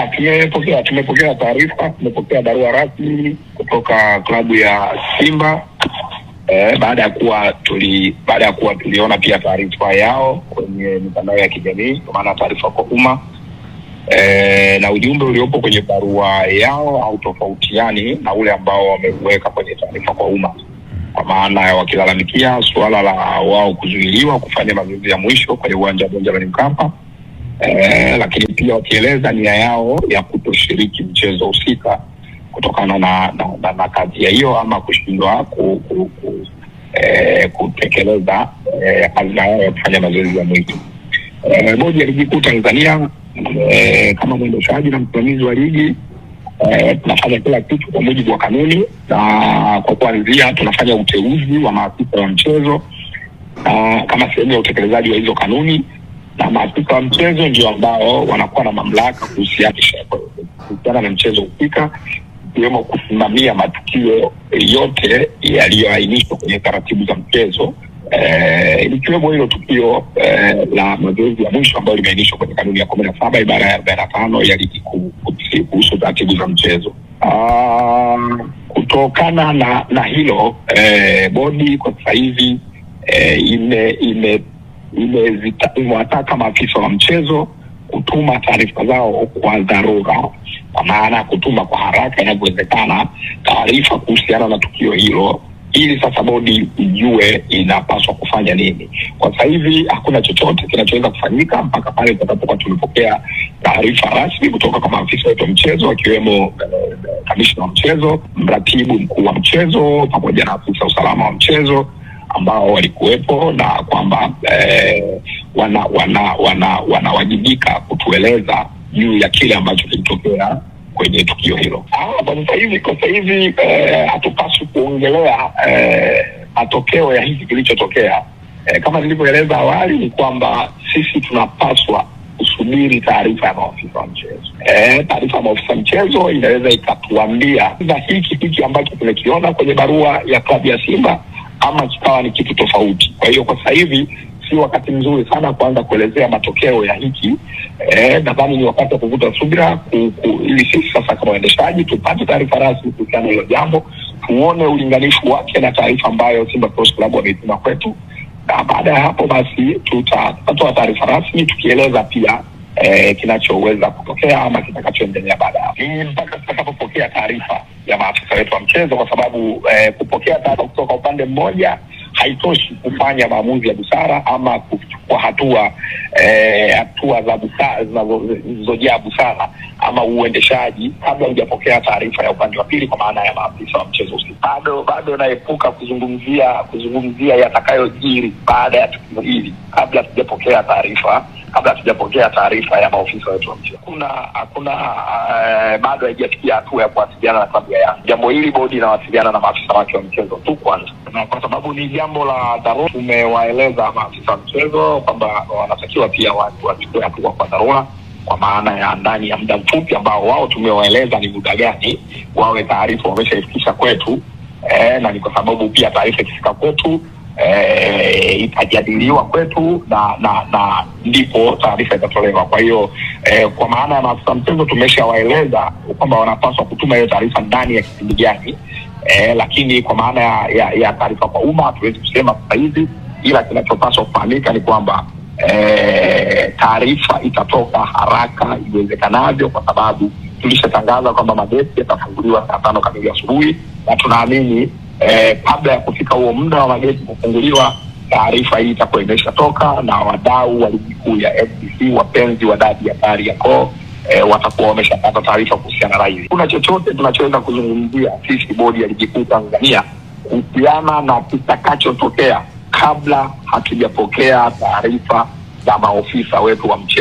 tumepokea tumepokea taarifa, tumepokea barua rasmi kutoka klabu ya Simba eh, baada ya kuwa tuli baada ya kuwa tuliona pia taarifa yao kwenye mitandao ya kijamii, kwa maana taarifa kwa umma eh, na ujumbe uliopo kwenye barua yao au tofautiani na ule ambao wameuweka kwenye taarifa kwa umma, kwa maana wakilalamikia suala la wao kuzuiliwa kufanya mazoezi ya mwisho kwenye uwanja wa Benjamin Mkapa eh, lakini pia wakieleza nia yao ya kutoshiriki mchezo husika kutokana na, na, na, na kadhia hiyo ama kushindwa ku, ku, ku, eh, kutekeleza eh, azma yao ya kufanya mazoezi ya mwili. Eh, bodi ya Ligi Kuu Tanzania eh, kama mwendeshaji na msimamizi wa ligi eh, tunafanya kila kitu kwa mujibu wa kanuni, na kwa kuanzia tunafanya uteuzi wa maafisa wa mchezo na kama sehemu ya utekelezaji wa hizo kanuni na maafisa wa mchezo ndio ambao wanakuwa na mamlaka kuhusiana na mchezo husika, ikiwemo kusimamia matukio yote yaliyoainishwa kwenye taratibu za mchezo eh, likiwemo hilo tukio eh, la mazoezi ya mwisho ambayo limeainishwa kwenye kanuni ya kumi na saba ibara ya arobaini na tano ya ligi kuhusu taratibu za mchezo. Ah, kutokana na na hilo, eh, bodi kwa sasa hivi ime ile wataka maafisa wa mchezo kutuma taarifa zao kwa dharura, kwa maana kutuma kwa haraka inavyowezekana taarifa kuhusiana na tukio hilo, ili sasa bodi ijue inapaswa kufanya nini. Kwa sasa hivi hakuna chochote kinachoweza kufanyika mpaka pale tutakapokuwa tumepokea taarifa rasmi kutoka kwa maafisa wetu wa mchezo, akiwemo eh, kamishna wa mchezo, mratibu mkuu wa mchezo, pamoja na afisa usalama wa mchezo ambao walikuwepo na kwamba eh, wanawajibika wana, wana, wana kutueleza juu ya kile ambacho kilitokea kwenye tukio hilo. Ah, kwa sasa hivi, kwa sasa hivi eh, hatupaswi eh, kuongelea eh, matokeo ya hiki kilichotokea. Eh, kama nilivyoeleza awali ni kwamba sisi tunapaswa kusubiri taarifa ya maofisa wa mchezo. Eh, taarifa ya maofisa mchezo inaweza ikatuambia hiki hiki ambacho tumekiona kwenye barua ya klabu ya Simba ama kikawa ni kitu tofauti. Kwa hiyo kwa sasa hivi si wakati mzuri sana kuanza kuelezea matokeo ya hiki eh, nadhani ni wakati wa kuvuta subira ili sisi sasa kama waendeshaji tupate taarifa rasmi kuhusiana hilo jambo, tuone ulinganishi wake na taarifa ambayo Simba Sports Club wameituma kwetu, na baada ya hapo basi tutatoa taarifa rasmi tukieleza pia eh, kinachoweza kutokea ama kitakachoendelea baadaye. Ni mm, mpaka tutakapopokea taarifa ya maafisa wetu wa mchezo, kwa sababu eh, kupokea taarifa kutoka upande mmoja haitoshi kufanya maamuzi ya busara ama kwa hatua eh, hatua za busara zinazojaa busara ama uendeshaji kabla hujapokea taarifa ya upande wa pili, kwa maana ya maafisa wa mchezo husika. Bado bado naepuka kuzungumzia kuzungumzia yatakayojiri baada ya tukio hili kabla hatujapokea taarifa kabla hatujapokea taarifa ya maofisa wetu wa mchezo. Kuna hakuna uh, bado haijafikia hatua ya kuwasiliana na klabu ya Yanga. Jambo hili bodi inawasiliana na maafisa wake wa mchezo tu kwanza na kwa sababu ni jambo la dharura, tumewaeleza maafisa mchezo kwamba wanatakiwa pia wachukue hatua kwa dharura, kwa maana ya ndani ya muda mfupi ambao wao tumewaeleza ni muda gani, wawe taarifa wameshaifikisha kwetu e, na ni kwa sababu pia taarifa ikifika kwetu E, itajadiliwa kwetu na na na ndipo taarifa itatolewa. Kwa hiyo e, kwa maana ya maafisa mchezo tumeshawaeleza kwamba wanapaswa kutuma hiyo taarifa ndani ya kipindi gani eh, lakini kwa maana ya, ya, ya taarifa kwa umma hatuwezi kusema sasa hizi, ila kinachopaswa kufahamika ni kwamba eh, taarifa itatoka haraka iwezekanavyo, kwa sababu tulishatangaza kwamba madeski yatafunguliwa saa tano kamili asubuhi na tunaamini eh, kabla eh, ya kufika huo muda wa madeski kufunguliwa taarifa hii itakuwa imeshatoka na wadau wa ligi kuu ya NBC, wapenzi wa dadi ya Kariakoo e, watakuwa wameshapata taarifa kuhusiana na hili. Kuna chochote tunachoweza kuzungumzia sisi bodi ya ligi kuu Tanzania kuhusiana na kitakachotokea kabla hatujapokea taarifa za maofisa wetu wa mchezo?